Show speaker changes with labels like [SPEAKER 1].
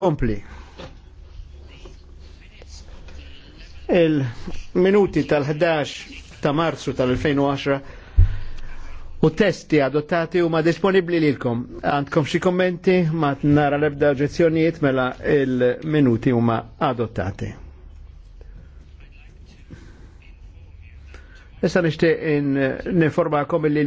[SPEAKER 1] kompli. Il-minuti tal-11 ta' marzu tal-2010 u testi adottati huma disponibli lilkom. Għandkom xi kommenti ma nara l-ebda oġezzjonijiet mela il-minuti huma adottati. Issa nixtieq in, informakom in,